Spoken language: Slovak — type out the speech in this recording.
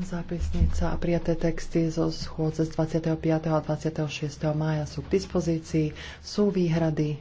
Zápisnica a prijaté texty zo schôdze z 25. a 26. mája sú k dispozícii. Sú výhrady?